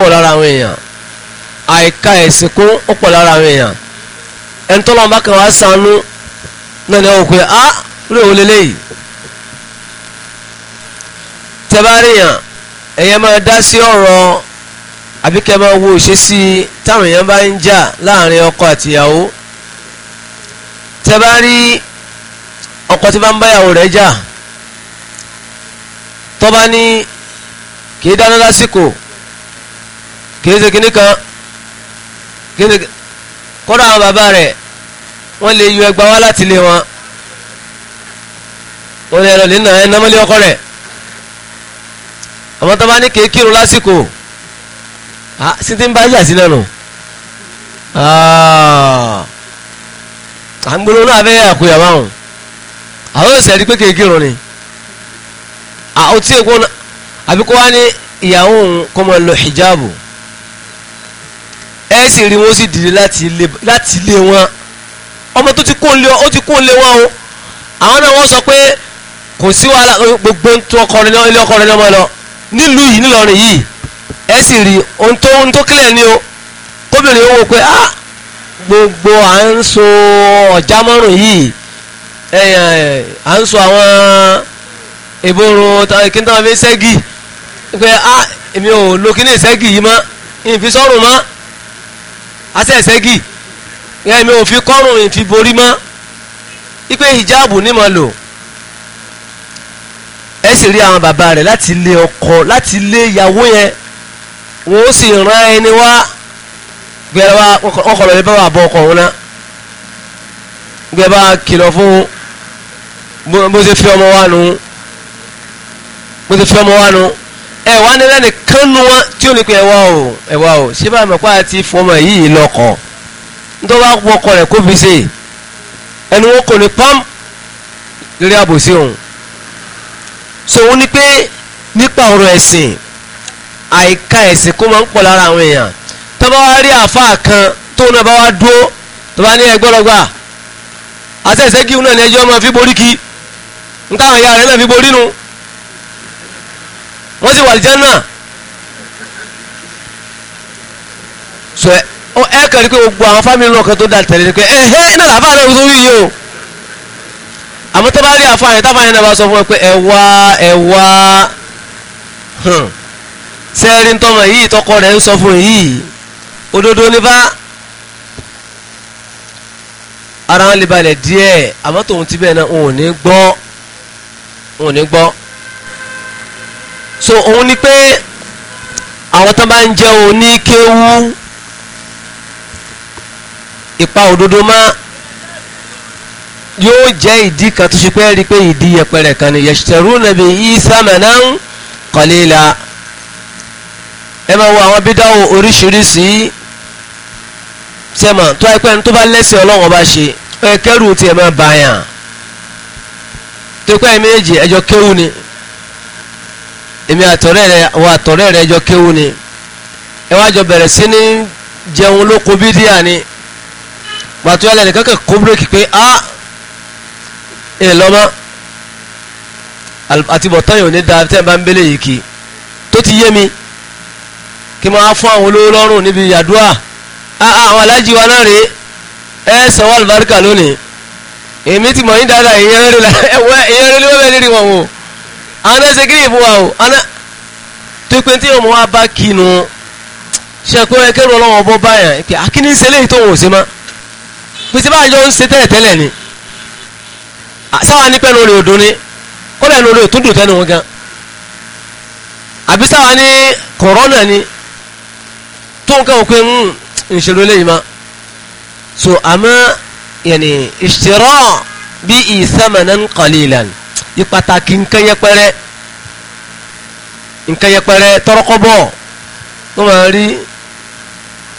pọ̀ lára àwọn èèyàn àìka ẹ̀sìn kún ó pọ̀ lára àwọn èèyàn ẹni tọ́lọ́ bá kan wá sanú náà ni wọ́n pe á lóò wọlé léyìí tẹ́bárìyàn ẹ̀yẹ máa dá sí ọ̀rọ̀ àbí kẹ́ máa wo ìṣesí táwọn èèyàn bá ń jà láàrin ọkọ àtìyàwó tẹ́bárì ọkọ tí bá ń báyàwó rẹ̀ jà tọ́ba ní kì í dáná lásìkò kìí ṣe kíní kan kìí ṣe kódà àwọn bàbá rẹ̀ wọ́n lè yọ ẹgbàá wá láti lé wọn wọ́n lè lọ nínà ẹ̀ námọ́lé ọkọ rẹ̀ àwọn tó bá ní kìí kírun lásìkò sí ti ń bá yà sí náà nù à ń náà fẹ́ àkóyà báwọn àwọn òsè ẹni pé kìí kírun ni àwọn tí èkó àbíkó wá ní ìyàwó òun kọ́ lọ hijabu ẹ sì rí wọn sì dìde láti ilé wọn ọmọ tó ti kó lé ó ti kó lé wọn o àwọn náà wọ́n sọ pé kò sí wàhálà gbogbo tó ọkọrin náà ilé ọkọrin náà mọ́ lọ nílùú yìí nílọrin yìí ẹ sì rí ohun tó ohun tó kílẹ̀ ni o kóbìnrin ó wò pé ah gbogbo à ń so ọ̀já mọ́rùn yìí à ń so àwọn ìborun kí n tó máa fi ṣẹ́gi pé ah èmi ò lo kí ní ìṣẹ́gi yìí mọ́ ìfisọ́rùn mọ́ asẹ́sẹ́gì ìyá mi ò fi kọ́rùn ìfi borí mọ́ ipe hijab ní mo lò ẹ sì rí àwọn bàbá rẹ̀ láti lé ọkọ láti lé ìyàwó yẹn wọn ó sì rán ẹni wá gbẹ̀rẹ̀ wa ọkọ̀ lọ́lẹ́ bá wà bọ́ ọkọ̀ òun náà gbẹ̀rẹ̀ bá kìlọ̀ fún bó ṣe fi ọmọ wa nù bó ṣe fi ọmọ wa nù ẹ wá nílẹ̀ nìkan nu wọn tí ó ní pé ẹ wá o ẹ o ṣé bá mi pa fọmọ yìí lọkọ nítorí wọn kọ ọkọ rẹ kó fi ṣe ẹnu wọn kò ní pam lórí àbòsí òun sòun ni pé nípa ọ̀rọ̀ ẹ̀sìn àìka ẹ̀sìn kó máa ń pọ̀ lára àwọn èèyàn tó bá wá rí àáfàá kan tó náà bá wá dúró tó bá ní ẹgbọ́lọgbà àtẹ̀sẹ́gì náà ni ẹjọ́ máa fi borí kí nǹkan àwọn ìyá rẹ̀ náà fi borí nu wọ́n sì wà àlìjánà so ẹ ẹ kàn rí pé gbogbo àwọn fámìlì náà kan tó dá tẹ̀lé ni pé ẹ ẹ náà làbá náà tó wí yìí o àmọ́ tó bá rí àfáà yẹn táfáà yẹn náà bá sọ fún ẹ pé ẹ wá ẹ wá sẹ́ẹ̀rì hmm. tọmọ yìí tọkọ rẹ̀ ń sọ fún yìí òdodo ní bá ara wọn lè balẹ̀ díẹ̀ àmọ́ tòun ti bẹ́ẹ̀ náà òun ò ní gbọ́ òun ò ní gbọ́ so òun ni pé àwọn tó bá ń jẹ́ oníkéwú ìpa òdodo máa yóò jẹ́ ìdí kan tó ṣe pé rí pé ìdí yẹpẹrẹ kan ni yẹ̀ṣẹ̀rú nàbí ìsàmẹ̀nán kọ̀lélà ẹ máa wo àwọn bídáwò oríṣiríṣi sẹ́mọ̀ tó ẹgbẹ́ ní tó bá lẹ́sìn ọlọ́run ọba ṣe ẹ kẹ́rù tiẹ̀ máa bàyàn tó pẹ́ méjì ẹjọ́ kéwù ni èmi àtọ̀rẹ́ rẹ wà àtọ̀rẹ́ rẹ jọ kéwú ni ẹ wá jọ bẹ̀rẹ̀ sí ní jẹun lóko bídíà ni gbàtú yálẹ̀ nìkan kẹ̀ kó búrẹ́kì pé a ẹ lọ́mọ àti bọ̀tán yìí ò ní da tẹ́ ẹ bá ń bẹ́lẹ̀ yìí kì tó ti yé mi kí n máa fún àwọn olówó lọ́rùn níbi àdúrà àwọn alájí wa náà rèé ẹ sanwó àlùbáríkà lónìí èmi ti mọ̀ yín dáadáa ìyẹn rẹ̀ lọ́wọ́ ẹ̀ lérí wọn o àwọn ẹsẹ̀ kí ni ìfún wa o aná tó pé tí ọmọ wa bá kinu ṣe pé ẹkẹrù ọlọ́wọ́n bọ́ báyàn pé akíní ń ṣe léyìí tó wọ́n ò ṣe má pé tí báyìí ń ṣe tẹ́lẹ̀ tẹ́lẹ̀ ni sáwa ní pẹ́ẹ́nu olè òdò ni kọ́lẹ̀ ẹnu olè òtún dùn tẹ́nu wọn gan àbí sáwa ní kọ̀rọ́nà ni tó hmm, ń kẹ́wọ̀n pé ń ṣèlú léyìí má so àmọ́ yẹnì ìṣirọ́ bí ìsàmànà ń kọ́lé ìlànà ìpàtàkì nǹkan yẹpẹrẹ nǹkan yẹpẹrẹ tọrọkọbọ tó máa rí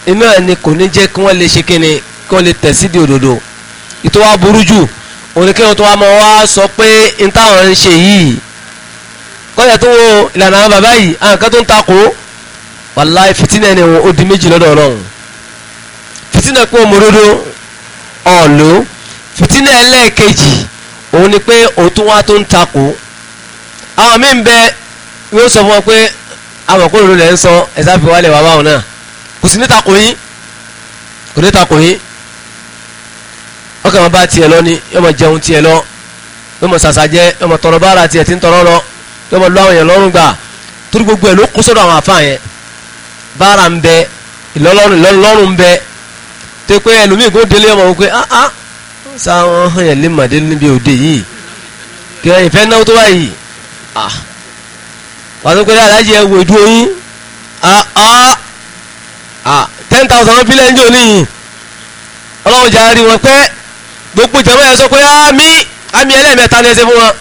iná ni kò ní jẹ́ kí wọ́n lè ṣe kíni kí wọ́n lè tẹ̀sídìí òdodo ìtò wa burú jù oníkéwọn tó wa mọ̀ wá sọ pé n táwọn ń ṣe yìí kọ́jà tó wo ìlànà àwọn bàbá yìí àwọn kan tó ń takò wàláì fìtínà ẹni wọn ó di méjì lọ́dọ̀ ọlọ́run fìtínà pé òmòdodo ọ̀ọ́lò fìtínà ẹlẹ́ẹ̀kejì òun ni pé òtún wá tó ń takò àwọn míì ń bẹ yóò sọ fún ọ pé amọ̀kúrò lè ń sọ ẹ̀sà fi wálẹ̀ wá báwọn náà kò sí ní takò yín kò ní takò yín ọkàn máa bá tiẹ̀ lọ ni yọmọ jẹun tiẹ̀ lọ yọmọ sàṣà jẹ yọmọ tọrọ bára tiẹ̀ ti ń tọrọ lọ yọmọ lọ àwọn èèyàn lọ́rùn gbà torí gbogbo ẹ̀ ló kó sọ́dọ̀ àwọn àfa yẹn bára ń bẹ ìlọlọ́rùn ìlọlọ́rùn ń bẹ tó pé ẹlòmíì kó délé ọmọ wọn pé ah ah sáwọn hàn yẹn lè màdé níbi òde yìí kí wọ́n ìfẹ́ náwó tó báyìí wàá tó pé aláàjì ẹ̀ wò ju oyin ten thousand wọn fílẹ̀ ń níyìn ọlọ́run jà rí wọn pẹ́ gbogbo ìjọba yẹn sọ pé àmì àmì ẹlẹ́mẹ̀ta ni ẹ ṣe fún wọn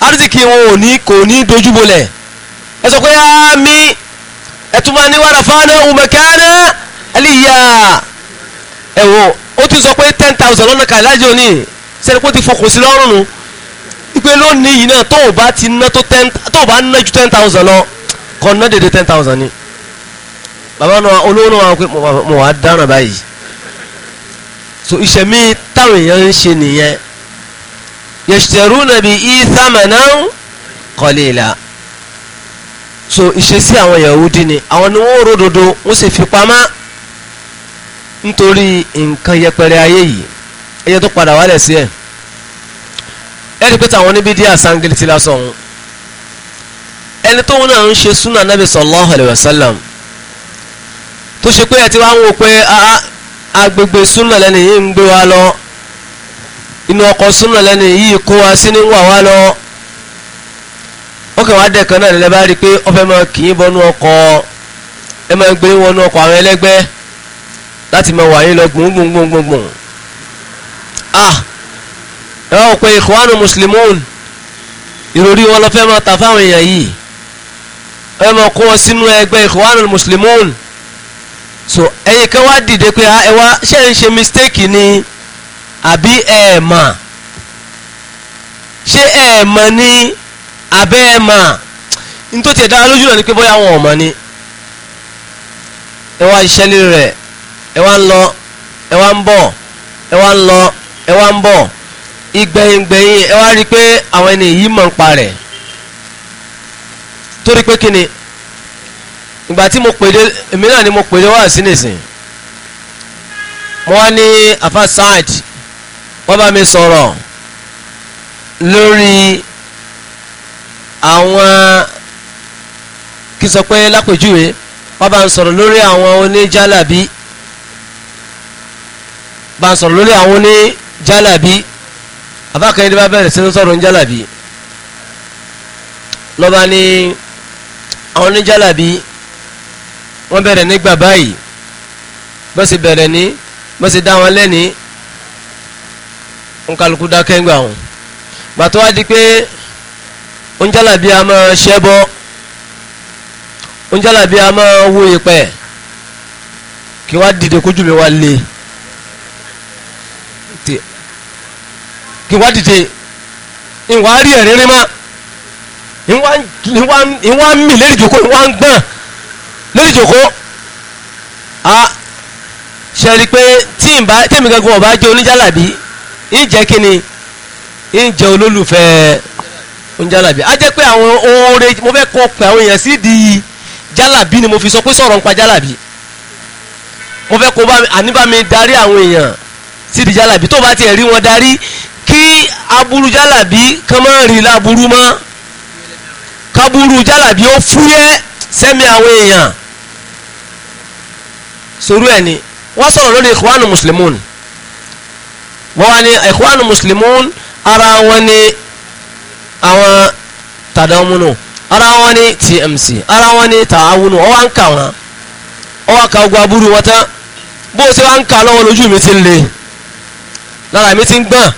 arzikì wọn ò ní kò ní dojúbolẹ̀ ẹ sọ pé àmì ẹtùmọ̀ ní wàrà fáánà ọmọkẹ́ náà aliyah ẹ wò ó ti sọ pé ten thousand lọ́nà kàlájì òní sẹ́ni kó ti fọkùn sí lọ́rùn nù ipe lónìí yìí náà tó o bá ti ná tó ten tó o bá ná ju ten thousand lọ kọ́ ná dédé ten thousand ni bàbá náà olówó náà wà pé mo wà á dáná báyìí so ìṣẹ̀mí táwọn èèyàn ń ṣe nìyẹn yashtaruna bihi thamanan qalila so ìṣesí àwọn Yahudi ni àwọn ni wọ́n ròdodo wọ́n sì fi pamọ́ nítorí nǹkan yẹpẹrẹ ayé yìí ẹyẹ tó padà wálẹ̀ sí ẹ̀ ẹni pé táwọn níbi díẹ̀ sangele ti lásán òun ẹni tóun náà ń ṣe súnà nàbì sallallahu alaihi wasallam tó ṣe pé ẹ ti wá ń wo pé ah, ah, agbègbè súnà lẹ́nu yìí ń gbé wa lọ inú ọkọ̀ súnà lẹ́nu yìí kó wa sí ní wà wá lọ ọkàn wa dẹ̀ kan náà lẹ́lẹ́ rí i pé ọfẹ́ máa kì í bọ́nú ọkọ̀ ẹ máa gbé wọnú ọkọ̀ àwọn ẹlẹ́gbẹ́ láti máa wà yín lọ gbòǹgbòǹgbòǹgbòǹ ah ẹ wá pé ikhwanu muslimun ìròrí wọn lọ fẹ́ máa tà fáwọn èèyàn yìí ẹ máa kó wọn sínú ẹgbẹ́ ikhwanu muslimun so ẹ̀yin kan wá dìde pé ah, ẹ wá ṣe ń ṣe mistake ni àbí ẹ mà ṣé ẹ mọ̀ ní abẹ́ ẹ mà nítorí ẹ̀ dára lójú náà ni pé bóyá wọn ò mọ̀ ni ẹ wá iṣẹ́ lé ẹ wá ń lọ ẹ wá ń bọ̀ ẹ wá ń lọ ẹ wá ń bọ̀ ìgbẹ̀yìngbẹ̀yìn ẹ wá rí i pé àwọn ẹni yìí mọ̀ ń pa rẹ̀ torí pé kí ni ìgbà tí mo pèdé èmi náà ni mo pèdé wá sí nìsín mo wá ní afa Saad wọ́n bá mi sọ̀rọ̀ lórí àwọn kí sọ pé lápèjúwe wọ́n bá ń sọ̀rọ̀ lórí àwọn oníjàlábí bá ń sọ̀rọ̀ lórí àwọn oní jálàbí abákanyẹ́dé bá bẹ̀rẹ̀ sí ń sọ̀rọ̀ ń jálàbí lọ́ba ní àwọn oní jálàbí wọ́n bẹ̀rẹ̀ nígbà báyìí bó ṣe bẹ̀rẹ̀ ní bó ṣe dá wọn lẹ́ni ń kálukú dákẹ́ ń gbà wọn gbàtọ́ wá di pé ń jálàbí a máa ṣẹbọ ń jálàbí a máa wo ìpẹ́ kí wá dìde kójú mi wá lé kí wá dìde ìwà rí ẹ̀rín rí má ìwà mì lérí ìjòkó ìwà ń gbọ́n lérí ìjòkó a ṣe rí pé tí ìbá tèmi gangan ọba jẹ́ oníjàlàbí ń jẹ́ kí ni ń jẹ́ olólùfẹ́ oníjàlàbí a jẹ́ pé àwọn oore mo fẹ́ kọ́ pé àwọn èèyàn sì di jàlàbí ni mo fi sọ pé sọ̀rọ̀ ń pa jàlàbí mo fẹ́ kó àníbàmí darí àwọn èèyàn sí di jàlàbí tó bá tiẹ̀ rí wọn darí kí aburú jálàbí kan máa rìn láburú mọ́ kaburú jálàbí ó fúyẹ́ sẹ́mi àwọn èèyàn sòrú ẹ̀ ni wọ́n sọ̀rọ̀ lórí ikhwanu muslimun wọ́n wá ní ikhwanu muslimun ara wọn ni àwọn tàdámúnù ara wọn ni tmc ara wọn ni tàáwúnù ọwọ́ ń kà wọn ọwọ́ ka ogun aburú wọn tán bó o ṣe wá ń kà lọ́wọ́ lójú mi ti ń le lára mi ti ń gbọ́n.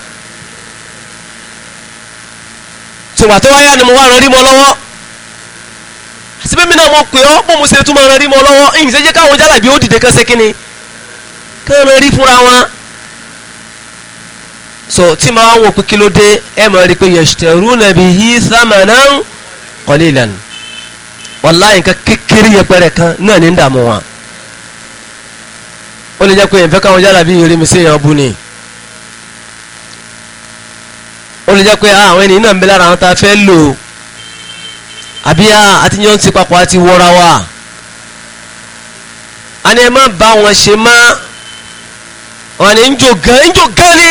sòwà tó wáyà ni mo wá rán rí mọ́ lọ́wọ́ síbí mi náà mo pè ọ́ bó mo ṣe tún mọ́ rán rí mọ́ lọ́wọ́ ìyìn jẹ́ káwọn jálàbí ó dìde kan ṣe kí kí wọ́n rí fúnra wọn so tí ma wá wò pé kí ló dé ẹ mọ̀ rí pé yẹ̀ṣtẹ̀rú nàbí yí sàmànà qalilan wallahi nǹkan kékeré yẹpẹrẹ kan náà ní ń wọn ó lè jẹ́ pé ìfẹ́ káwọn jálàbí yìí rí mi sí èèyàn bú ni ó lè jẹ́ pé ah, àwọn ènìyàn náà ń bẹ lára àwọn tá a fẹ́ lò àbí àtijọ́ ah, ń ti papọ̀ àti wọra wa a ní ẹ má bá wọn ṣe má wọn ni ń jò gan ń jò gan ní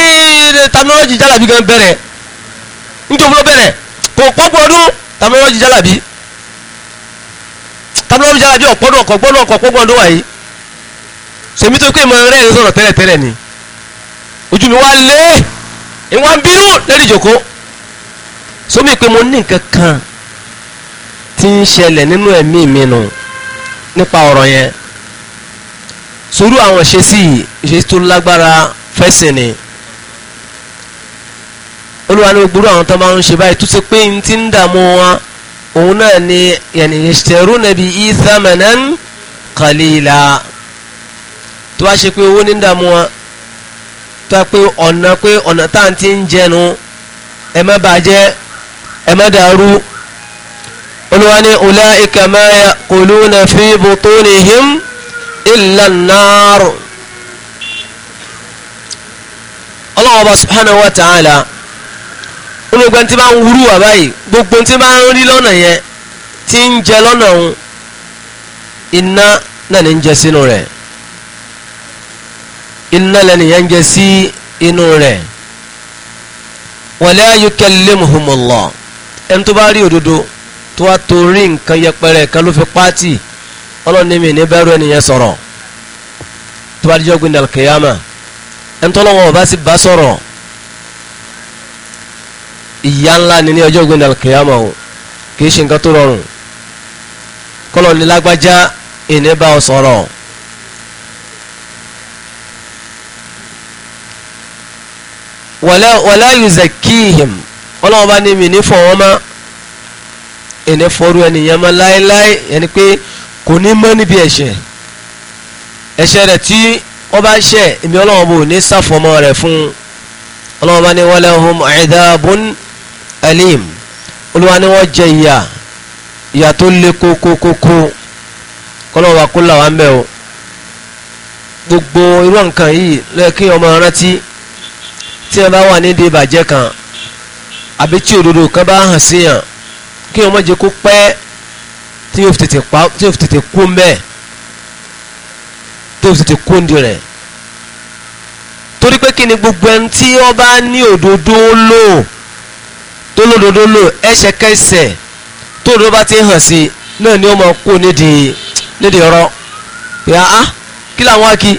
tamilọ́jì jálàbí gan bẹ̀rẹ̀ ń jò fúlọ́ bẹ̀rẹ̀ kò pọ́pọ́ ọdún tamilọ́jì jálàbí tamilọ́jì jálàbí ọ̀pọ̀dún ọ̀kọ̀ gbọ́dún ọ̀kọ̀ pọ́pọ́ ọdún wáyé sèmi tó pé mọ rẹ́ẹ̀rin sọ̀rọ̀ tẹ́lẹ̀tẹ́lẹ̀ ni ojú mi wá lé ìwọ̀n bínú lórí ìjòkó sómi pé mo ní nǹkan kan tí ń ṣẹlẹ̀ nínú ẹ̀mí mi nù nípa ọ̀rọ̀ yẹn sùúrù àwọn ìṣesí ìṣesí tó lágbára fẹ́sìn ni olúwa ní gbúrú àwọn tó máa ń ṣe báyìí tó ṣe pé n ti ń dààmú wọn òun náà ni yẹn ìṣẹ̀rú nàbí ìsàmẹ̀nẹ́n kàlílà tó wá ṣe pé owó ní ń dààmú wọn tó yẹ pé ọ̀nà pé ọ̀nà tá à ń ti ń jẹnu ẹ má bàjẹ́ ẹ má dàrú olúwa ní ulaika ma yaquluna fi butunihim illa an-nar ọlọ́wọ́ bá subhanahu wa ta'ala olùgbọ́n tí bá ń wúrú wà báyìí gbogbo tí bá ń rí lọ́nà yẹn tí ń jẹ lọ́nà òun iná náà ní ń jẹ sínú rẹ̀ iná lẹ́nìyàn jẹ sí inú rẹ̀ wala yukallimuhumullah ẹni tó bá rí òdodo tó wá torí nǹkan yẹpẹrẹ kan ló fi pátì ọlọ́ni mi ní bẹ́rù ẹnìyẹn sọ̀rọ̀ tó bá dijọ́ gbin dàlùkìyàmà ẹni tó lọ́wọ́ ọba sì bá sọ̀rọ̀ ìyá ńlá ni ní ọjọ́ gbin dàlùkìyàmà o kì í ṣe nǹkan tó rọrùn kọ́lọ̀ ní lágbájá ìní bá ọ sọ̀rọ̀. wala yuzakihim ọlọ́wọ́n bá ní mi ní fọwọ́ mọ́ ẹni fọrú ẹnìyàn mọ́ láéláé ẹni pé kò ní mọ́ níbi ẹ̀ṣẹ̀ ẹ̀ṣẹ̀ rẹ̀ tí wọ́n bá ṣẹ̀ èmi ọlọ́wọ́n bò ní sàfọmọ́ rẹ̀ fún ọlọ́wọ́n bá ní walahum adhabun alim olúwa ni wọ́n jẹ ìyà ìyà tó le kókókókó kọ́lọ́wọ́n bá kó làwọn mẹ́ o gbogbo irú nǹkan yìí lọ́yẹ̀ kí ọmọ rántí tí wọ́n bá wà nídìí ìbàjẹ́ kan àbí tí òdodo kan bá hàn sí yàn kí wọ́n má jẹ́ kó pẹ́ tí yóò fi tètè kú mbẹ́ tí yóò fi tètè kú ndi rẹ̀ torí pé kí ni gbogbo ẹni tí wọ́n bá ní òdodo lò tó lódodo lò ẹsẹ̀kẹsẹ̀ tó òdodo bá ti hàn sí náà ni wọ́n máa kú nídìí nídìí ọ̀rọ̀ pé ah, ah kí làwọn á kí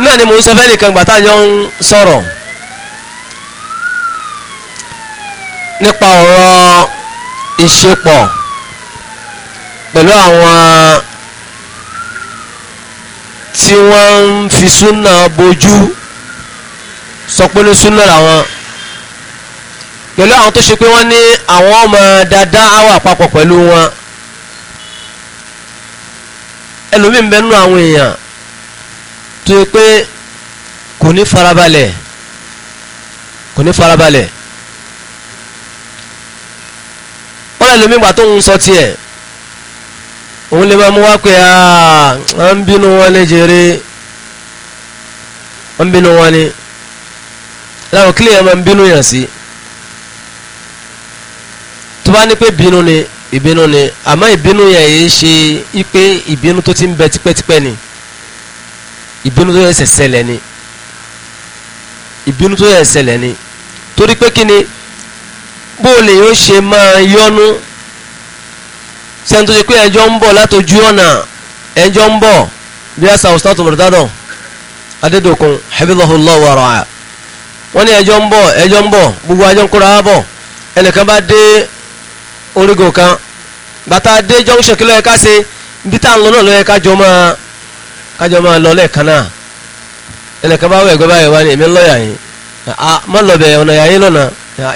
náà ni mo ń sọ fẹ́ nìkan gbàtà yọ ń sọ̀rọ̀ nípa ọ̀rọ̀ ìṣepọ̀ pẹ̀lú àwọn tí wọ́n ń fi súnà bojú sọ pé ní súnà làwọn pẹ̀lú àwọn tó ṣe pé wọ́n ní àwọn ọmọ dáadáa àwà papọ̀ pẹ̀lú wọn ẹlòmíín bẹ́ẹ̀ nú àwọn èèyàn tó yẹ pé kò ní farabalẹ̀ kò ní farabalẹ̀ wọ́n lè lómi ìgbà tó ń sọ tiẹ̀ òun lè máa mú wá pé à ń bínú wọn ní jèrè ń bínú wọn ni láwọn kílè yẹn máa ń bínú yàn sí tó bá ní pé bínú ni ìbínú ni àmọ́ ìbínú yẹn yìí ṣe ipe ìbínú tó ti ń bẹ tipẹ́tipẹ́ ni ìbínú tó yẹ ṣẹlẹ̀ ni ìbínú tó yẹ ṣẹlẹ̀ ni torí pé kí ni bó lè yóò ṣe máa yọnu sẹ́ni tó ṣe pé ẹjọ́ ń bọ̀ látọjú ọ̀nà ẹjọ́ ń bọ̀ bí a sàwọ́ sọ́tò mọ̀tàdàn adédokun habibullah wàrà wọ́n ní ẹjọ́ ń bọ̀ ẹjọ́ ń bọ̀ gbogbo ajọ́ ń kóra bọ̀ ẹnìkan bá dé orígun kan bàtà dé junction kí ló yẹ ká ṣe bí táwọn lọ́nà ló yẹ ká jọ máa kájọ máa lọ lẹ́ẹ̀kan náà ẹnìkan bá wẹ̀ ẹ̀gbẹ́ báyìí wá ní èmi lọ́ọ̀yà yìí à má lọ bẹ̀ ọ̀nà yàyí lọ́nà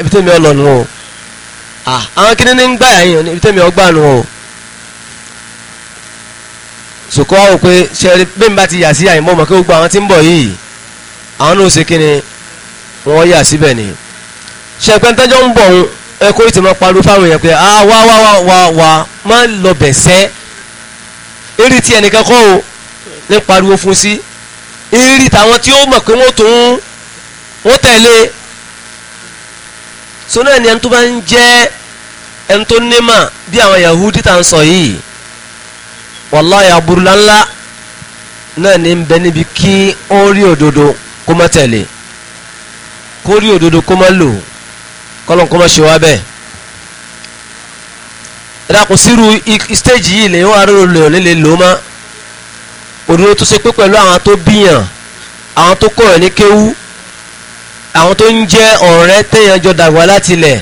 ibi tẹ́mi ọ lọ nù o àwọn kíní ní ń gbà yàyí ibi tẹ́mi ọ gbà nù o sùkọ́ wò pé sẹ́rí bí n bá ti yà sí àyìnbó mọ̀ kí gbogbo àwọn tí ń bọ̀ yìí àwọn náà ṣe kíni wọ́n yà síbẹ̀ ni ṣẹ̀pẹ́ntẹ́jọ́ ń bọ̀ òun ẹkọ ìtì máa pariwo fáwọn èèyàn ah wá wá wá wá wá má lọ bẹ̀sẹ̀ eré ní pariwo fún sí ń rí tàwọn tí ó mọ̀ pé wọ́n tó ń wọ́n tẹ̀lé so náà ni ẹni tó bá ń jẹ́ ẹni tó nímà bí àwọn Yahudi tá à ń sọ yìí wàláyà aburula ńlá náà ní ń bẹ níbi kí ó rí òdodo kó má tẹ̀lé kó rí òdodo kó má lò kọ́lọ́n kó má ṣe wá bẹ́ẹ̀ ẹ̀dá kò sírú stéèjì yìí lè wọ́n arúgbó lè lò ó òdodo tó ṣe pé pẹ̀lú àwọn tó bíyàn àwọn tó kọ̀rọ̀ ní kéwú àwọn tó ń jẹ́ ọ̀rẹ́ téèyàn jọ dàgbà láti ilẹ̀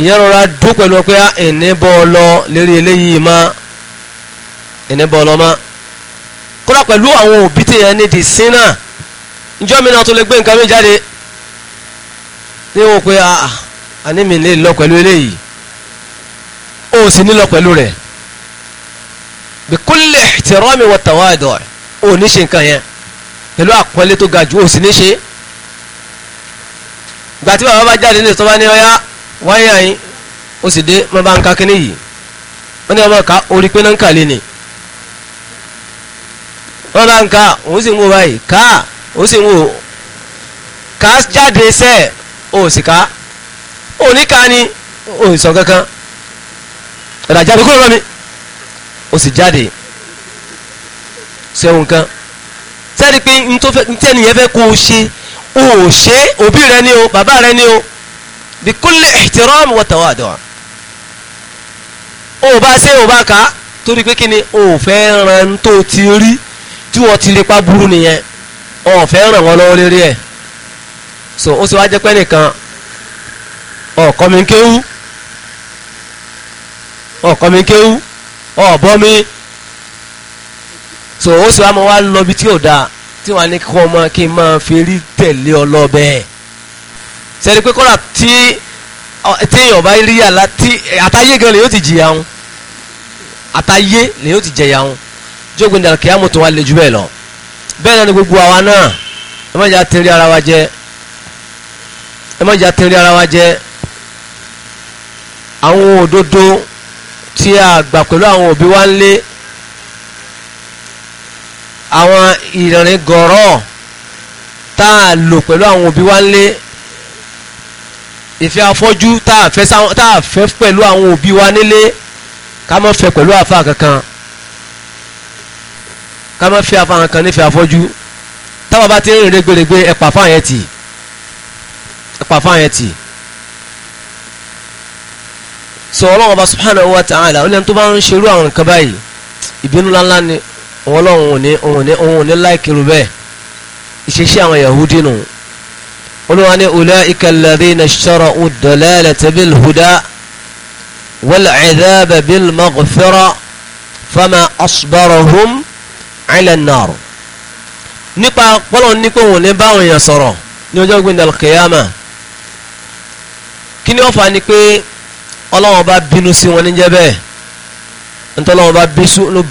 ìyẹn rọra dó pẹ̀lú ọpẹ́ ah, ẹ̀ní bọ́ ọ lọ lérí eléyìí má ẹ̀ní bọ́ ọ lọ má kódà pẹ̀lú àwọn òbí téèyàn ní di sínà ǹjọ́ mi náà tó lè gbé nǹkan mi jáde ní wọ́n pé ah, ah, àní mi lè lọ pẹ̀lú eléyìí o sì ní lọ pẹ̀lú rẹ̀ bí kulli ihtirami wa tawadu ò ní ṣe nǹkan yẹn pẹ̀lú àpọ́nlé tó ga jù ó sì ní ṣe gbà tí bàbá bá jáde ní ìtọ́ bá ní ọyá wáyà yín ó sì dé má bá ń ka kínní yìí wọ́n ní ọmọ ká orí pé náà ń kàlẹ́ ni wọ́n bá ń ka òun sì ń wò báyìí ká òun sì ń wò ká jáde sẹ́ẹ̀ ó sì ká òun ní ká ní òun sọ kankan ẹ̀dá jáde kúrò lọ́mi o sì jáde sẹ́wọ̀n kan sẹ́ni pé ntẹ́niyẹn fẹ́ kó o ṣe o ò ṣe òbí rẹ ni o bàbá rẹ ni o bi kulli ihtiram wa tawadu' o bá ṣe o bá kà torí pé kí ni o fẹ́ ran tó ti rí tí wọ́n ti lè pa burú nìyẹn o fẹ́ ràn wọ́n lọ́wọ́ lérí ẹ̀ so ó sì wá jẹ́ pé nìkan ọ̀kọ́ mi kéwú ọ̀kọ́ mi kéwú ọ̀bọ mi so ó sì wá mọ wá lọ bí tí ò dáa tí wọn á ní kí wọn máa kí n máa fi rí tẹ̀lé ọlọ́bẹ̀ sẹ́ni pé kọ́ra tí tí èèyàn bá rí àlá tí àtàyé gan lèyó ti jìyà wọn àtàyé lèyó ti jẹyà wọn jógun dàrú kí á mú tó wá lè jù bẹ́ẹ̀ lọ bẹ́ẹ̀ náà ni gbogbo àwa náà ẹ má jẹ́ àtẹ̀rí ara wa jẹ ẹ má jẹ́ àtẹ̀rí ara wa jẹ àwọn òdodo tí a gbà pẹ̀lú àwọn òbí wa ń lé àwọn ìrìn gọ̀rọ̀ tá a lò pẹ̀lú àwọn òbí wa ń lé ìfẹ́ afọ́jú tá a fẹ́ pẹ̀lú àwọn òbí wa nílé ká má fẹ́ pẹ̀lú àfa kankan ká má fẹ́ àfa kankan nífẹ̀ẹ́ afọ́jú táwa bá ti ń rìn rẹ́gbẹ̀rẹ́gbẹ̀ ẹ̀pà fáyẹn tì ẹ̀pà fáyẹn tì so ọlọ́run ọba subhanahu wa ta'ala ó lẹ́nu tó bá ń ṣerú àwọn nǹkan báyìí ìbínú ńláńlá ni ọlọ́run ò ní òun ní òun ní láìkiri bẹ́ẹ̀ ìṣesí àwọn yahudi nù olùwà ní ulaika alladhina ishtara'u ad-dalalata bil huda wal 'adhaba bil maghfira fama asbarahum 'ala an-nar nípa pọ́lọ̀ ní pé òun ní báwọn ọlọ́wọ́n bá bínú sí wọn níjẹ́ bẹ́ẹ̀ ntọ́lọ́wọ́n bá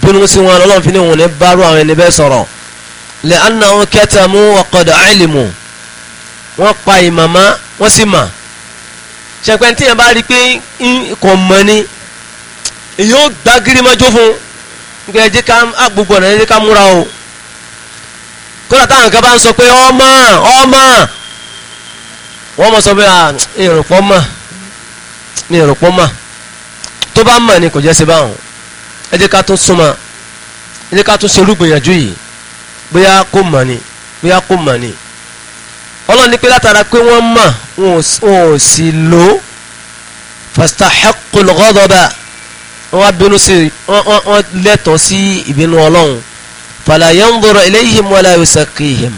bínú sí wọn ọlọ́wọ́n fi ní wọn ní bárò àwọn ẹni bẹ́ẹ̀ sọ̀rọ̀ lẹ́ anáwọn kẹta mú ọkọ̀dọ̀ àìlèmù wọ́n pa ìmàmá wọ́n sì mà ṣẹpẹ́ tí yẹn bá rí i pé kò mọ ni èyí ó gbá gírímọ́jú fún nígbà ẹ̀jẹ̀ ká gbogbo ọ̀nà ẹ̀jẹ̀ ká múra o kódà táwọn kan bá ń sọ pé ọmọ ọmọ wọ́n mọ̀ sọ pé èrò pọ̀ mọ̀ ní ìrọ̀pọ̀ mà tó bá mọ̀ ni kò jẹ́ ṣe báwọn ẹ jẹ́ ká tún súnmọ́ ẹ jẹ́ ká tún ṣerú gbìyànjú yìí bóyá kò mọ̀ ni bóyá kò mọ̀ ni ọlọ́run ní pé látara pé wọ́n mọ̀ wọn ò sì lò ó fastahaqul ghadaba wọ́n wá bínú sí wọ́n lẹ́tọ̀ọ́ sí ìbínú ọlọ́run fala yanzur ilayhim wala yusakihim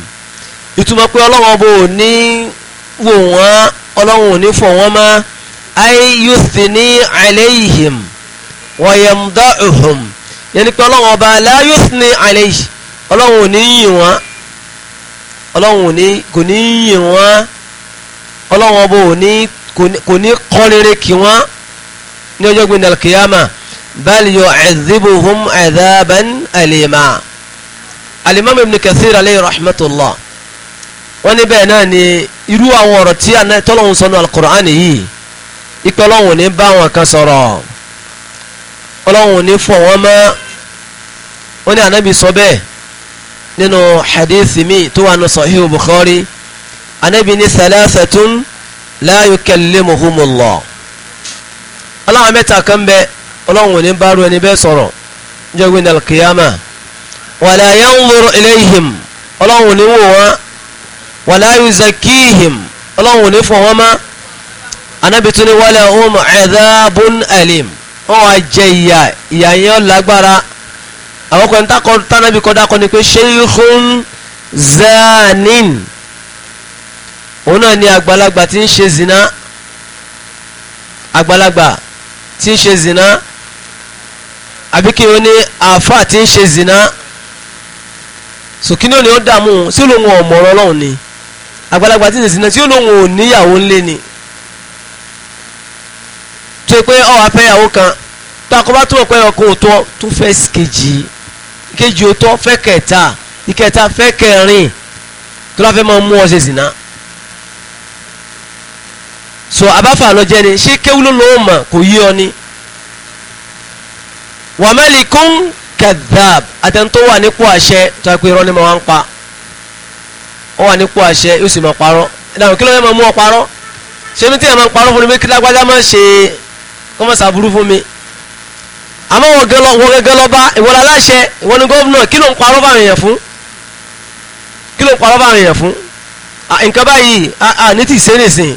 ìtumọ̀ pé ọlọ́run ọba ò ní wò wọ́n ọlọ́run ò ní fọ̀ wọ́n máa ay yuthni alayhim wa yamda'uhum yẹni pé ọlọ́run ọba la yuthni alayhi ọlọ́run ò ní yìn wọ́n ọlọ́run kò ní yìn wọ́n ọlọ́run ọba kò ní kọ́rẹ́rẹ́ kí wọ́n ní ọjọ́ gbìn alkiyama bal yu'adhibuhum adhaban alima alimami ibn kathir alayhi rahmatullah wọ́n ní bẹ́ẹ̀ náà ni irú àwọn ọ̀rọ̀ tí tọ́lọ́run sọ ní alukur'an yìí ipe ọlọ́run ò ní bá wọn kan sọ̀rọ̀ ọlọ́run ò ní fọ̀ wọ́n mọ́ ó ní ànábì sọ bẹ́ẹ̀ nínú hadith mi tó wà ní sahihu bukhari ànábì ní thalathatun la yukallimuhumullah ọlọ́run mẹ́ta kan bẹ ọlọ́run ní bá ru ẹni bẹ́ẹ̀ sọ̀rọ̀ jẹ́gun ní alkiyama wala yanzuru ilayhim ọlọ́run ní wò wọ́n wala yuzakkihim ọlọ́run ní fọ̀ wọ́n mọ́ anábì tún ní wálé ọ̀hún ẹ̀dáàbùn ẹ̀lìm wọ́n wá jẹ ìyà ìyà yẹn lágbára àwọn kan tákọ̀ tánábì kọ́ ni pé ṣéyíkún zanin òun náà ni àgbàlagbà tí ń ṣe zina àgbàlagbà tí ń ṣe zina àbí kí wọ́n ní àáfà tí ń ṣe zina sòkínú ni ó dààmú sí lóun ọ̀mọ̀ràn ọlọ́run ni àgbàlagbà tí ń ṣe zina tí ó lóun ò So, tó pé ọ wà fẹ́ ìyàwó kan tó akọba tó wọ̀ pé ọkọ òótọ́ tó fẹ́ kejì kejì òótọ́ fẹ́ kẹta ìkẹta fẹ́ kẹrin tó láfẹ́ máa mú ọ ṣe zìnà so abáfà lọ jẹ́ ni ṣé kéwúlò ló mọ̀ kò yí ọ ni wàmẹ́lìkún kadhab àtẹnutó wà nípò àṣẹ tó a pé irọ́ ni mo wá ń pa ó wà nípò àṣẹ yóò sì máa parọ́ ìdáhùn kí ló yẹ máa mú ọ parọ́ ṣé ní tí yẹn máa ń parọ́ fún mi kí lágbájá máa ṣe kọ́ mọ́ sàbúrú fún mi àmọ́ wọ́n gẹ́gẹ́ lọ́ba ìwọ́n aláṣẹ ìwọ́n ni gómìnà kí ló ń parọ́ bá àwọn èèyàn fún kí ló ń parọ́ bá àwọn èèyàn fún nǹkan báyìí ní ti ṣe nìsín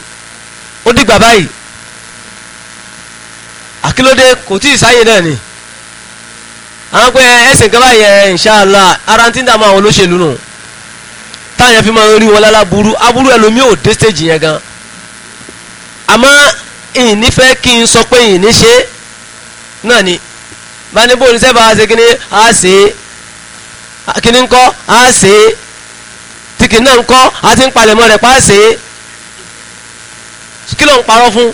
ó dìgbà báyìí àkílódé kò tí ì sáyé náà ni àwọn pé ẹsìn kan báyìí ẹ ìnṣáàlá ara ti ń dààmú àwọn olóṣèlú nù táwọn yẹn fi máa ń rí wọn lálábúrú aburú ẹlòmíì ò dé stage yẹn gan àmọ́ ìní fẹ́ kí n sọ pé ìní ṣe náà ni bá ní bóun sẹ́fà á ṣe kíní á ṣe é kíní ńkọ́ á ṣe é tìkì náà ńkọ́ á ti ń palẹ̀mọ́ rẹ̀ pa á ṣe é kí ló ń parọ́ fún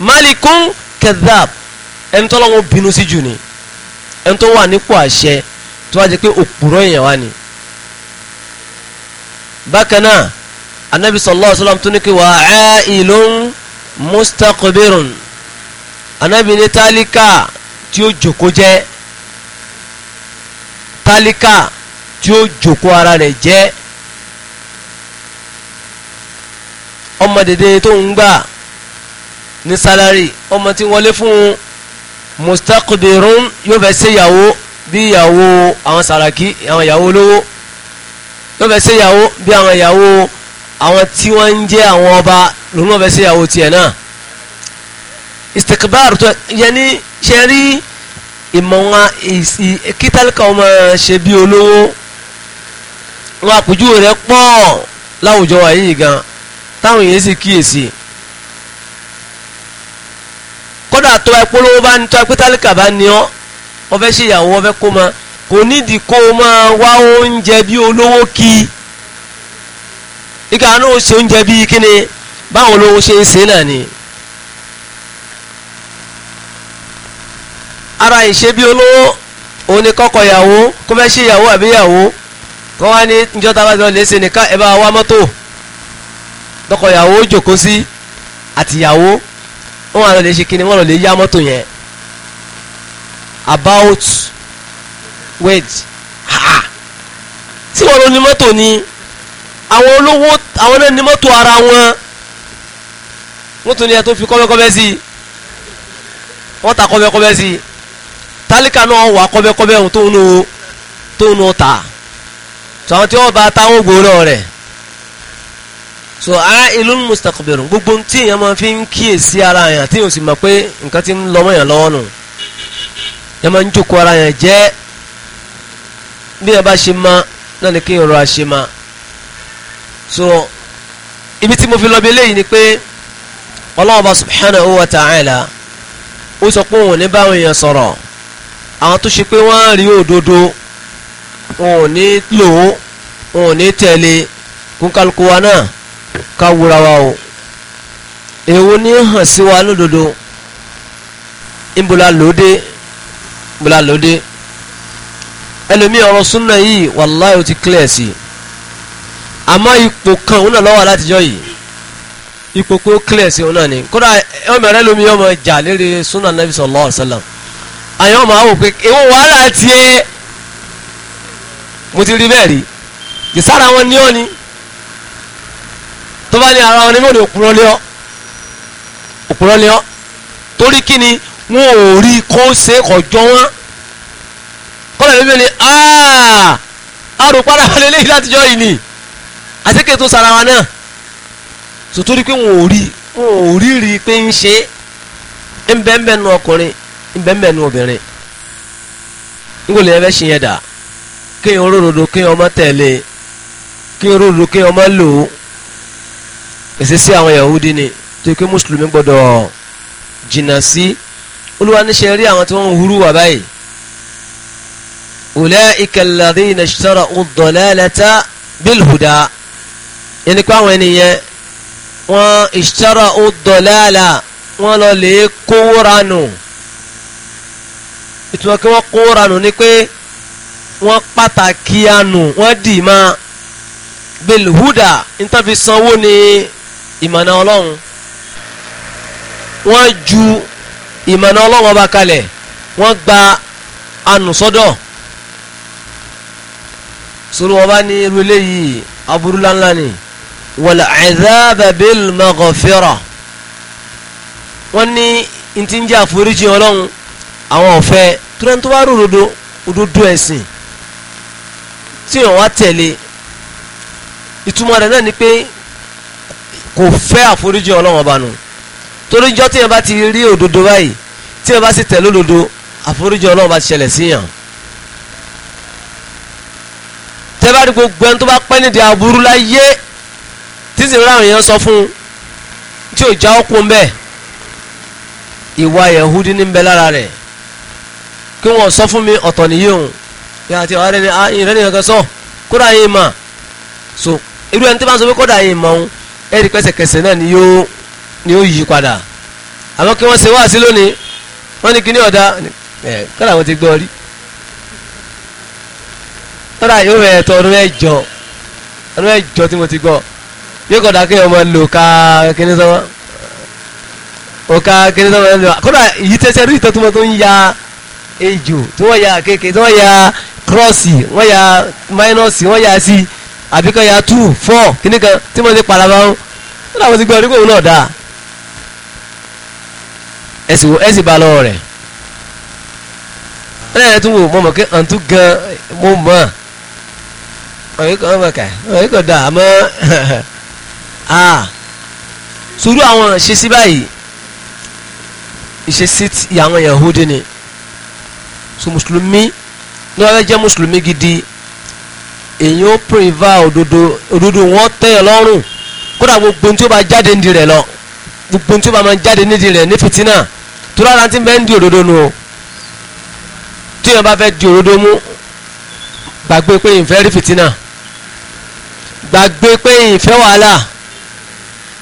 malikun kedab ẹni tó lọ́wọ́ bínú sí jù ni ẹni tó wà nípò àṣẹ tó wá jẹ pé òpùrọ̀ èèyàn wá ni bákan náà anabi sallallahu alaihi wasallam tó ní kí wàá ẹ́ ìlú ń mustaqbirun anabi ní tálíkà tí ó jòkó jẹ́ tálíkà tí ó jòkó ara rẹ̀ jẹ́ ọmọ dèdè tó ń gbà ní sálárì ọmọ tí wọlé fún mustaqbirun yóò fẹ́ ṣe ìyàwó bí ìyàwó àwọn sàràkí àwọn ìyàwó olówó yóò fẹ́ ṣe ìyàwó bí àwọn ìyàwó olówó àwọn tí wọ́n ń jẹ́ àwọn ọba lòun náà fẹ́ ṣe ìyàwó tiẹ̀ náà istikbar tó yẹn ṣe rí ìmọ̀ wọn kíkálíkà ọmọ ṣe bí olówó wọn àpèjúwe rẹ̀ pọ̀ láwùjọ wa yìí gan táwọn èèyàn sì kíyèsí kódà tó ẹ polówó bá ní tó ẹ pétálíkà bá ní ọ wọ́n fẹ́ ìyàwó wọ́n kó ma kò nídìí kó máa wá oúnjẹ bí olówó kí i ike àánú ó oúnjẹ bíi kíni báwọn olówó ṣe ń ṣe náà ni. ara ìṣe bí olówó òun ni kọ́kọ́ ìyàwó kó fẹ́ ṣe ìyàwó àbí ìyàwó kó wá ní níjọ́ tá a bá ti lọ lè ṣe nìkan ẹ bá wa mọ́tò tọkọ ìyàwó jòkó sí àtìyàwó wọn àlọ́ lè ṣe kíni wọn lọ lè yá mọ́tò yẹn about wait ha tí wọn lọ ní mọ́tò ni àwọn olówó àwọn náà ní mọ́tò ara wọn wọ́n tún ní ẹ tó fi kọ́bẹ́kọ́bẹ́ sí i wọ́n ta kọ́bẹ́kọ́bẹ́ sí i tálíkà náà wà kọ́bẹ́kọ́bẹ́ ohun tó ń ta tó àwọn tí wọ́n bá táwọn gbòòrò rẹ̀ so a ìlú mustaqbirun gbogbo tí èèyàn máa fi ń kíyèsí ara yẹn tí yóò sì mọ̀ pé nǹkan ti ń lọ́mọ yẹn lọ́wọ́ nù yẹn máa ń jókòó ara yẹn jẹ́ bí yẹn bá ṣe máa náà ni kí yẹn rọra ṣe máa so ibi tí mo fi lọ bí eléyìí ni pé Ọlọ́hun bá subhanahu wa ta'ala ó sọ pé òun ò ní báwọn èèyàn sọ̀rọ̀ àwọn tó ṣe pé wọ́n rí òdodo òun ò ní lò ó òun ò ní tẹ̀lé kúńkálukú wa náà ká wúra wa o èwo ní hàn sí wa lódodo ìbúra lóde ìbúra lóde ẹlòmíì ọ̀rọ̀ súnà yìí wàláhì ti clear sí i àmọ́ ipò kan òun náà lọ́wọ́ láti yọ yìí ipò kó clear sí òun náà ni kódà ọmọ rẹ lómi ọmọ ìjà lérí sunnah nabi sallallahu alaihi wasallam àyàn ọmọ àwọn òpin ìwọ wàhálà tiẹ̀ mo ti rí bẹ́ẹ̀ rí ìsára wọn ní ọ́ tó bá ní ara wọn ni mo ní òpùrọ́ lé ọ́ òpùrọ́ lé ọ́ torí kí ni wọn ò rí kó ṣe kọjọ́ wọn kọ́lẹ̀ lóbi ni aaa arùpárá lélẹ́yìn látijọ́ yìí ni àṣekè tó sara wa náà sotori pé wọn ò rí wọn ò rí rí pé ń ṣe ńbẹ́ńbẹ́ nu ọkùnrin ńbẹ́ńbẹ́ nu obìnrin ńgò lè fẹ́ ṣe yẹn dà kéèyàn ròdòdò kéèyàn ọmọ tẹ̀lé kéèyàn ròdòdò kéèyàn ọmọ lò ó èsì sí àwọn Yahudi ni tó yẹ mùsùlùmí gbọdọ̀ jìnnà sí olúwa níṣẹ́ rí àwọn tí wọ́n ń hurú wà báyìí. ulaika alladhina ishtaraw ad-dalalata bil-huda yẹn ni pé àwọn ènìyàn wọ́n ìṣẹ́ra ó dọ̀láàlà wọ́n lọ lè kówó ranù ìtumọ̀ kí wọ́n kówó ranù ni pé wọ́n pàtàkì anù wọ́n dì í máa bilhuda nítorí fi sanwó ni ìmọ̀nà ọlọ́run wọ́n ju ìmọ̀nà ọlọ́run ọba kalẹ̀ wọ́n gba anù sọ́dọ̀ sọ́dọ̀ wọn bá ní irú eléyìí aburú ńláńlá ni. So, wal azaba bil maghfira wọ́n ní n ti ń jẹ́ àforíjì ọlọ́run àwọn ọ̀fẹ́ turan tó bá rò rodo òdodo ẹ̀sìn tí wọ́n wá tẹ̀lé ìtumọ̀ rẹ̀ náà ni pé kò fẹ́ àforíjì ọlọ́run ọba nù torí jọ́ tí yẹn bá ti rí òdodo báyìí tí yẹn bá sì tẹ̀lé òdodo àforíjì ọlọ́run bá ti síyàn. tẹ́bárí gbogbo bá pẹ́ nídìí aburú láyé tí sì ráhùn yẹn sọ fún un tí ò já ọkùn bẹ́ẹ̀ ìwà yẹ̀húdí ní bẹ lára rẹ̀ kí wọ́n sọ fún mi ọ̀tọ̀ nìyí òun bí àti ọ̀rẹ́ ni ah, ìrẹ́ nìyẹn kan sọ kódà mà so irú ẹni tí wọ́n sọ pé kódà yìí mà òun ẹ̀rí pẹ́sẹ̀kẹsẹ̀ náà ni yóò ni yóò yí padà àmọ́ kí wọ́n ṣe wá sí lónìí wọ́n ní kí ọ̀dà ẹ̀ kódà wọ́n ti gbọ́ rí kódà yóò rẹ̀ ẹ̀tọ́ ọdún mẹ́jọ ọdún mẹ́jọ tí mo ti gbọ́ yóò kọ̀dá kí ọmọ lò ká kíní sọ́wọ́ ọ̀ka kíní sọ́wọ́ lò kódà yìí tẹ́sẹ̀ rí ìtọ́túmọ̀ tó ń ya ejò tí wọ́n ya kéèké tí wọ́n ya kírọ́ọ̀sì wọ́n ya máínọ́ọ̀sì wọ́n ya sí àbí kan ya two four kíní kan tí mo ti palaba ń kódà mo ti gbé ọdún kò náà dáa ẹ̀sìn ẹ̀sìn ba lọ́wọ́ rẹ̀ ẹ̀rẹ́ tún wò mọ̀mọ̀ kí àǹtú gan mo mọ̀ ọ̀yẹ́kọ̀ ọ̀yẹ́kọ̀ dáa àmọ́ Ah. sùúrù àwọn ìṣesí báyìí ìṣesí ti àwọn Yahudi ni so mùsùlùmí ní wọ́n fẹ́ jẹ́ mùsùlùmí gidi èyí ó pèrèvà òdodo òdodo wọn tẹ́yẹ̀ lọ́rùn kódà gbogbo tí ó bá jáde nídìí rẹ̀ lọ gbogbo tí ó bá máa jáde nídìí rẹ̀ ní fìtínà tó rárá tí ń bẹ́ ń di òdodo nu o tí èèyàn bá fẹ́ di òdodo mú gbàgbé pé ìfẹ́ rí fìtínà gbàgbé pé ìfẹ́ wàhálà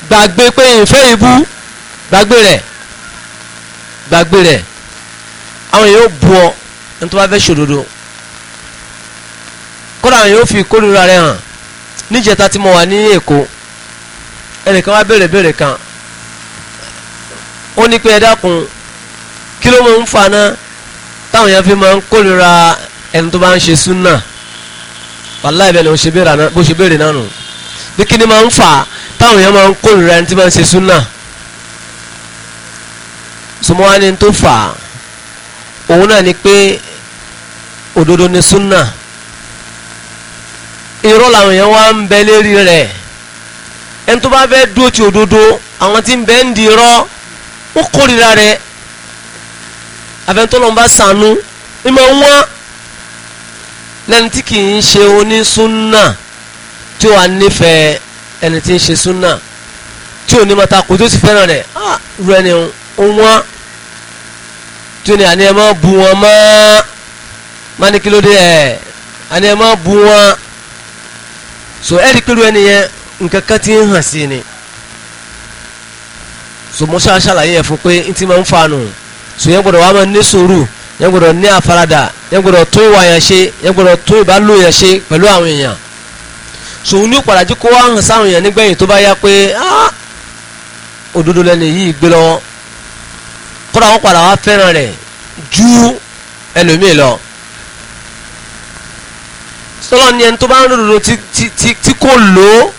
gbàgbé pé ìfẹ́ ibú gbàgbé rẹ̀ gbàgbé rẹ̀ àwọn yóò bu ọ ní tó bá fẹ́ ṣòdodo kódà àwọn yóò fi kórìíra rẹ̀ hàn níjẹta tí mo wà ní Èkó ẹnìkan wá béèrè béèrè kan ó ní pé ẹ dákun kí ló máa ń fa náà táwọn yẹn fi máa ń kórìíra ẹni tó bá ń ṣe súnà wàláì ni bó ṣe béèrè náà nù bí kí máa ń fà táwọn èèyàn máa ń kórìíra ẹni tí máa ń ṣe súnà sùmọ́wá ni tó fà á òun náà ni pé òdodo ni súnà irọ́ làwọn èèyàn wá ń bẹ lérí rẹ̀ ẹni tó bá fẹ́ dúró ti òdodo àwọn tí ń bẹ ń di irọ́ ó kórìíra rẹ̀ àfẹnutọ́lọ́n bá sànú ẹ máa ń lẹ́ni tí kì í ṣe onísúnà tí wàá nífẹ̀ẹ́ ẹni tí ń ṣe súnà tí ò ní máa ta kò tó sì fẹ́ràn rẹ̀ ah. rú ẹni wọ́n tí ó ní àní ẹ máa bu wọn mọ́ máa kí ló dé ẹ̀ àní ẹ máa bu wọn so ẹ rí pẹ̀lú ẹni yẹn nǹkan kan ti ń hàn sí ni so mo ṣáà ṣàlàyé yẹn fún pé n ti máa ń fa nù so yẹn gbọdọ̀ wá máa ní sùúrù yẹn gbọdọ̀ ní àfaradà yẹn gbọdọ̀ tó ìwà yẹn ṣe yẹn gbọdọ̀ tó ìbálò yẹn ṣe pẹ̀lú àwọn èèyàn sòun ní òpàdà tí kó wá hàn sáwọn èèyàn nígbẹ̀yìn tó bá yá pé ah, òdodo lẹ́nu yìí gbé lọ́wọ́ kódà wọ́n padà wá fẹ́ràn rẹ̀ ju ẹlòmíì lọ. sọlọ ni ẹni tó bá ń ròdòdò tí kò lò ó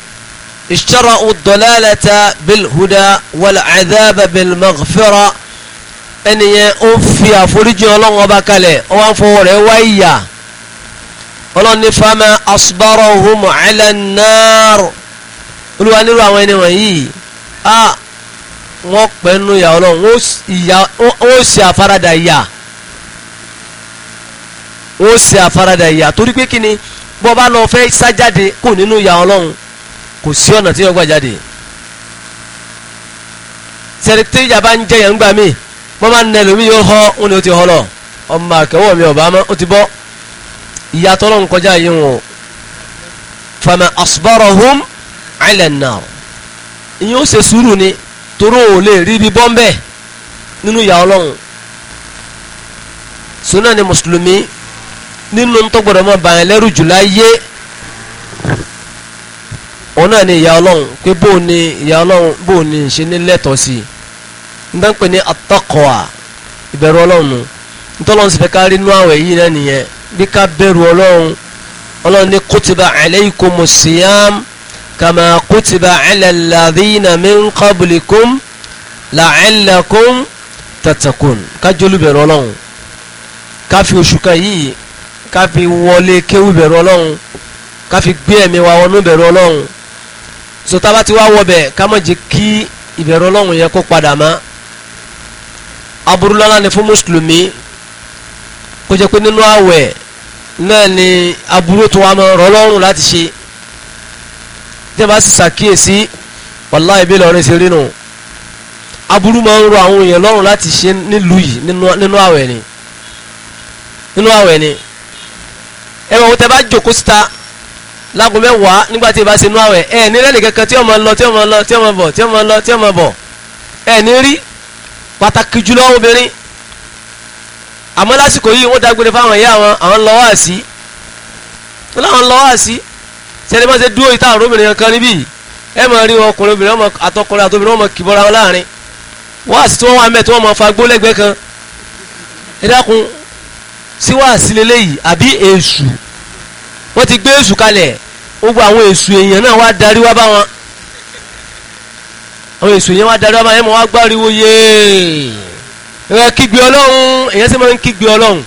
ìṣọ́ra ad-dalalata bil-huda wal-'adhaba bil ó fi àforíjì ọlọ́run ọba kalẹ̀ ọwọ́ àfọwọ́ rẹ̀ wá ọlọ́run ní fama asbarahum ala an-nar olúwa nírú àwọn ẹni wọ̀nyí a wọ́n pẹ̀lú ìyá ọlọ́run wọ́n ṣe àfaradà ìyá wọ́n ṣe àfaradà ìyá torí pé kí ni bọ́ bá lọ fẹ́ sájáde kò nínú ìyá ọlọ́run kò sí ọ̀nà tí wọ́n gbà jáde sẹ̀rẹ̀tẹ̀ ìyá bá ń jẹ́ yẹn gbà mí wọ́n máa yóò họ òun ni ó ti họ lọ ọmọ àkẹ́wọ̀ mi ọ̀bá mọ́ ti bọ́ ìyàtọ̀ ọlọ́run kọjá yìí wọn fama asbarahum ala an-nar ìyẹn ó ṣe sùúrù ni toró ò lè rí ibi bọ́m̀bẹ́ nínú ìyà ọlọ́run sunna ni mùsùlùmí nínú tó gbọdọ̀ mọ́ bàyàn lẹ́rù jùlá yé òun náà ni ìyà ọlọ́run pé bó ni ìyà ọlọ́run bó ni ṣe ní lẹ́tọ̀ọ́ sí i nígbà pé ní at-taqwa ìbẹ̀rù ọlọ́run nítorí wọn sì fẹ́ ká rí inú àwẹ̀ yìí náà nìyẹn bí ká bẹ̀rù ọlọ́run ọlọ́run ní kutiba alaykumu siyam kama kutiba ala alladhina min qablikum la'allakum tatakun ká jólú bẹ̀rù ọlọ́run ká fi oṣù kan yìí ká fi wọlé kéwú bẹ̀rù ọlọ́run ká fi gbé ẹ̀mí wa wọnú bẹ̀rù ọlọ́run sọta ti wá wọbẹ̀ ká kí ìbẹ̀rù ọlọ́run yẹn kó padà má aburú ni fún mùsùlùmí kó jẹ́ pé nínú àwẹ̀ náà ni aburú tó wà máa rọ̀ lọ́rùn láti ṣe tí a bá sì ṣàkíyèsí wàláhì bí lọ́rin ṣe rí aburú máa ń rọ̀ àwọn èèyàn lọ́rùn láti ṣe nílùú yìí nínú àwẹ̀ ni nínú àwẹ̀ ni ẹ wọ́n tẹ bá jòkó síta láago mẹ́wàá nígbà tí ẹ bá ṣe nú àwẹ̀ ẹ ní lẹ́nu kankan tí ọmọ lọ tí ọmọ lọ tí ọmọ bọ̀ tí ọmọ lọ tí ọmọ bọ̀ ẹ ní rí pàtàkì jùlọ obìnrin àmọ́ lásìkò yìí wọ́n dágbére fáwọn ìyá wọn àwọn lọ wá sí wọ́n láwọn lọ wá sí sẹ́ni bá ṣe dúró ìta àwọn obìnrin kan níbí ẹ máa rí wọn ọkùnrin obìnrin àtọkùnrin àtobìnrin wọn mọ kìbọra wọn láàrin wá sí tí wọ́n wà mẹ́ tí wọ́n mọ fagbó lẹ́gbẹ́ kan ẹ dákun sí wá sí leléyìí àbí èṣù wọ́n ti gbé èṣù kalẹ̀ gbogbo àwọn èṣù èèyàn náà wá darí wá bá wọn àwọn èṣù èèyàn wá darí wá bá wọn ẹ mọ wá gbáriwo yéé ẹ kígbe ọlọ́run èyàn sì máa ń kígbe ọlọ́run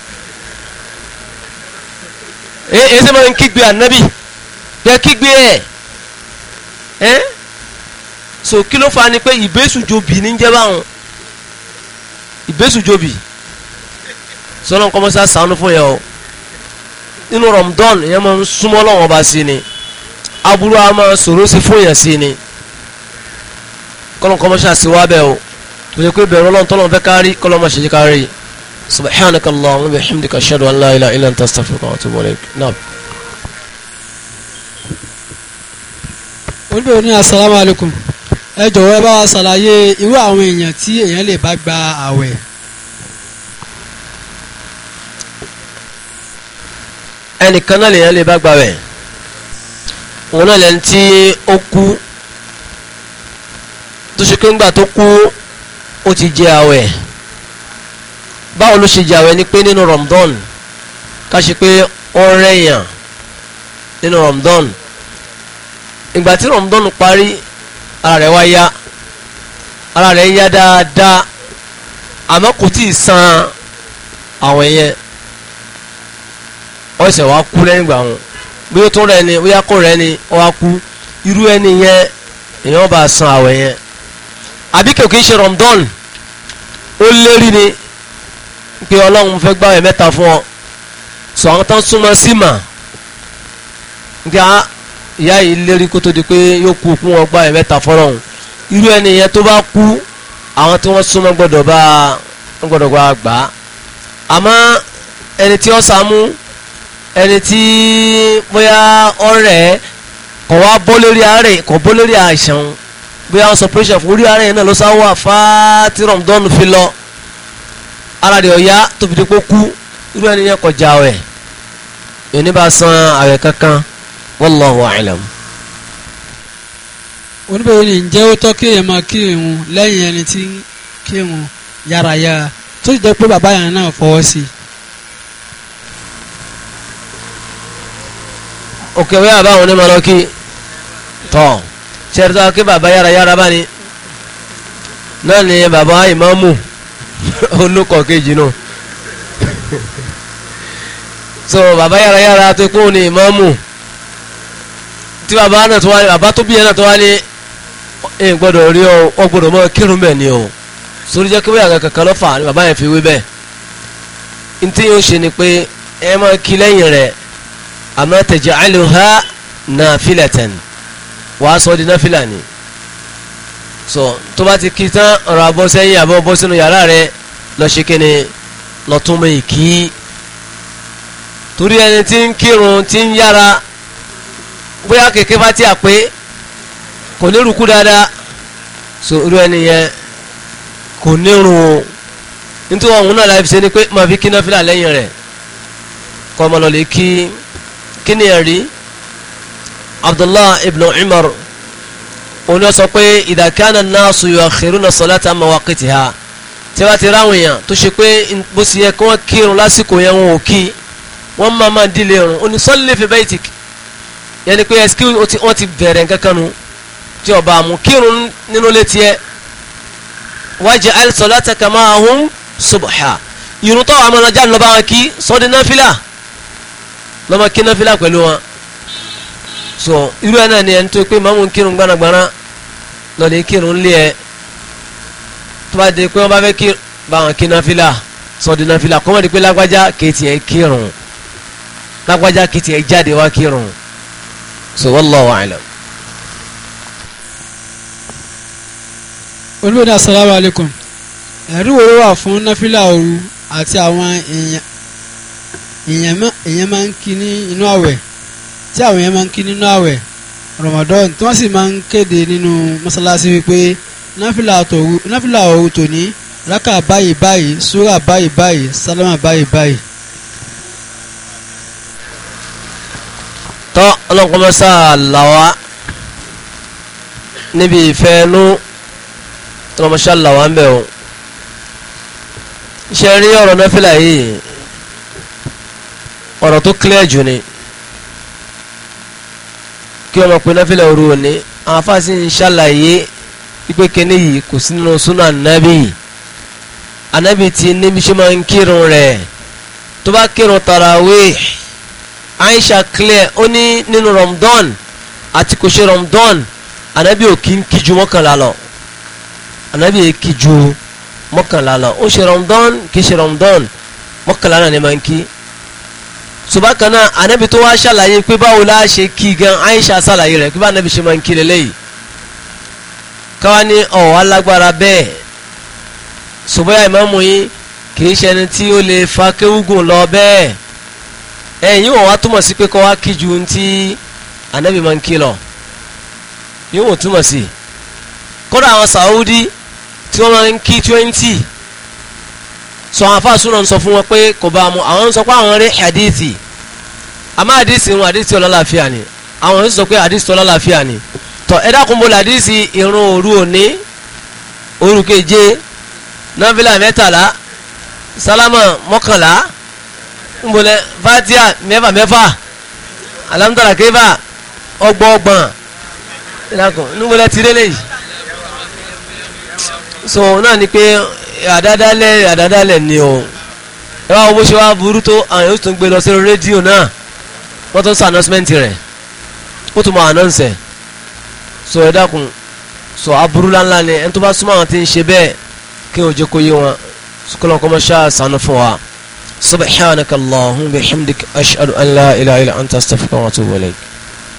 èyàn sì máa ń kígbe ànábì ẹ kígbe ẹ ẹ so kí ló fa ni pé ìbésùjòbì ní jẹ́ báwọn ìbésùjòbì sọlọ́n kọ́mọ́sá sànú fún yẹn o inú rọ̀mdọ́n èyàn máa ń súnmọ́ lọ́wọ́ bá sí ni aburú a máa sọ̀rọ̀ sí fún yẹn sí ni kọ́lọ́n kọ́mọ́sá sí wá bẹ́ẹ̀ o tó yẹ pé bẹ̀rù ọlọ́run tọ́lọ́run fẹ́ kárí kọ́lọ́mọ ṣe kárí subhanaka allahumma wa bihamdika ashhadu an la ilaha illa anta astaghfiruka wa atubu ilayk naam. olùbẹ̀rù ní asalaamu alaykum ẹ jọ̀wọ́ ẹ bá wa ṣàlàyé irú àwọn èèyàn tí èèyàn lè bá gba àwẹ̀. ẹnìkan náà lèèyàn lè bá gba àwẹ̀ òun náà lẹ́ni tí ó kú tó ṣe pé ńgbà tó kú ó ti jẹ àwẹ̀ báwo ló ṣe jẹ àwẹ̀ ni pé nínú Ramadan ká ṣe pé ó rẹ̀yàn nínú Ramadan ìgbà tí Ramadan parí ara rẹ̀ wá yá ara rẹ̀ yá dáadáa àmọ́ kò tí ì san àwẹ̀ yẹn ó ṣe kú lẹ́yìn ìgbà wọn bí ó tún rẹ̀ ni bóyá kò rẹ̀ ni ó wá kú irú ẹni yẹn èèyàn bá san àwẹ̀ yẹn àbí kò kí ń ṣe Ramadan ó lérí ni pé ọlọ́run fẹ́ gbààwẹ̀ mẹ́ta fún ọ sọ àwọn tán súnmọ́ sí mà nígbà ìyá yìí lérí kó tó di pé yóò kú kún ọ gbààwẹ̀ mẹ́ta fọlọ́run irú ẹni yẹn tó bá kú àwọn tí wọ́n súnmọ́ gbọ́dọ̀ bá gbọ́dọ̀ gba gbà àmọ́ ẹni tí ó sàmú ẹni tí bóyá ọ̀rẹ́ kọ̀ wá bọ́ lórí àárẹ̀ kọ̀ bọ́ lórí àìsàn bóyá ó sọ pressure fún orí ara yẹn náà ló sá wà fá tí rọ̀mùdọ́nù fi lọ ara rẹ̀ ọ̀yá tó fi di pé kú irú ẹni yẹn kọjá ọ̀ẹ̀ yóò ní bá san àwẹ̀ kankan wallahu a'lam. oníbẹ̀rẹ̀ ni ǹjẹ́ ó tọ́ kí èèyàn máa kí irun lẹ́yìn ẹni tí ń kí irun yárayára tó ti jẹ́ pé bàbá yẹn náà fọwọ́ sí i. òkè wíwá báwọn onímọ̀ lọ́kì tán sẹ́rìtọ́ kí bàbá yára yára bá ní náà ni bàbá ìmáàmù olùkọ́ kejì náà so bàbá yára yára tó kún ní ìmáàmù tí bàbá náà tó wá ní bàbá tó bí yẹn náà tó wá ní ẹ̀ gbọ́dọ̀ rí ọ ọ gbọ́dọ̀ mọ kírun bẹ́ẹ̀ ni o sórí jẹ́ kí wọ́n yàgà kankan lọ́fà ni bàbá yẹn fi wí bẹ́ẹ̀ ntí yóò ṣe ni pé ẹ máa kí lẹ́yìn rẹ̀ àmọ́ taj'aluha nafilatan wàá sọ di náfìlà ni so tó bá ti kí tán ọ̀rọ̀ abọ́ sẹ́yìn àbọ̀ bọ́ sínú yàrá rẹ lọ ṣe kí ni lọ tún mọ ìkí torí ẹni tí ń kírun tí ń yára bóyá kèké bá ti àpé kò ní rúkú dáadáa so irú ẹni yẹn kò ní rún o nítorí ọ̀hún náà láì fi ṣe ni pé màá fi kí náfìlà lẹ́yìn rẹ̀ kọ́ ọmọ lọ lè kí kí ni ẹ̀rí abdullah ibn umar oní sọ pé idha kana an-nasu yu'akhiruna salata an mawaqitiha tí wọ́n ti ráwọn èèyàn tó ṣe pé bó ṣe yẹ kí wọ́n kírun lásìkò yẹn wọn ò kí wọ́n máa máa dílé irun oní salli fi baytik yẹn ni pé ẹsikí wọ́n ti bẹ̀rẹ̀ nǹkan nu tí ọba àmú kírun nínú létí ẹ waj'al salataka ma'ahum subha irun tó àwọn ọmọ náà jáde lọ́ba wọn kí sọ́ọ́dí náfìlà lọ́mọ kí náfìlà pẹ̀lú wọn so irú ẹ̀ náà ni ẹni tó pé mọ́mú kírun gbanagbana lọ́lẹ̀ kírun lé ẹ tó bá di pé wọ́n bá fẹ́ kí báwọn kí náfìlà sọ̀dí náfìlà kọ́mọ́ di pé lágbájá kìtì ẹ̀ kírun lágbájá kìtì ẹ̀ jáde wá kírun so wallahu a'lam. olùbẹ̀dẹ̀ asalaamu alaykum ẹ̀rí wo wà fún náfìlà òru àti àwọn èèyàn máa ń kí ní inú àwẹ̀ tí àwọn yẹn máa ń kí nínú àwẹ̀ Ramadan tí wọ́n sì máa ń kéde nínú mọ́sálásí wípé náfìlà òru tòní rákà báyìí báyìí súrà báyìí báyìí sálámà báyìí báyìí. tọ́ ọlọ́kọ́mọ́sá làwa níbi ìfẹ́ nú ọlọ́mọṣá làwa ń bẹ̀ o ṣe rí ọ̀rọ̀ náfìlà yìí ọ̀rọ̀ tó clear jù ni kí ọmọ pé náfìlà òru òní àwọn afáàsì ń ṣàlàyé wípé kíní yìí kò sí nínú súnà nábì ànábì tí níbi ṣe máa ń kírun rẹ̀ tó bá kírun tarawih Aisha clear ó ní nínú Ramadan àti kò ṣe Ramadan ànábì ò kí ń kíjú mọ́kànlá lọ ànábì yìí kíjú mọ́kànlá lọ ó ṣe Ramadan kì í ṣe Ramadan mọ́kànlá náà ni máa ń kí subakana anabi tó wá ṣàlàyé pé báwo la ṣe kí gan aisha ṣàlàyé rẹ̀ pé bá anabi ṣe máa ń kí lélẹ́yìí káwa ní ọ̀wọ́ alágbára bẹ́ẹ̀ ṣùgbọ́n ìmáàmù yín kì í ṣẹni tí ó lè fa kéwúgùn lọ bẹ́ẹ̀ ẹ̀yìn wọ́n wá túmọ̀ sí pé kọ́ wá kí ju ti anabi máa ń kí lọ yóò wọ́n túmọ̀ sí kódà àwọn Saudi tí wọ́n máa ń kí twenty sọ àwọn afáàsù náà ń sọ fún wọn pé kò bá mu àwọn ń sọ pé àwọn rí hadithi àmọ́ hadithi irun hadithi ọlọ́láfíà ni àwọn ń sọ pé hadithi ọlọ́láfíà ni tọ ẹ dákun bó hadithi irun òru òní òru keje nọ́fìlà mẹ́tàlá sálámà mọ́kànlá nbọlẹ fatia mẹ́fà mẹ́fà alamutala kẹfà ọgbọọgbọn ẹ dákun nbọlẹ tirẹlẹ yìí so náà ni pé àdádálẹ̀ àdádálẹ̀ ni o ẹ wá wo bó ṣe wá burú tó àwọn yóò tún gbé lọ sí rédíò náà wọ́n tún sọ announcement rẹ̀ ó tún mọ announce ẹ̀ sọ ẹ dákun sọ aburú ńláńlá ni ẹni tó bá súnmọ́ àwọn tí ń ṣe bẹ́ẹ̀ kí n ò jẹ́ kó yé wọn sukùlọ̀ kọ́ mọ́ ṣáà fún wa subhanakallahumma bihamdika ashhadu an la ilaha illa anta astaghfiruka wa atubu ilayk.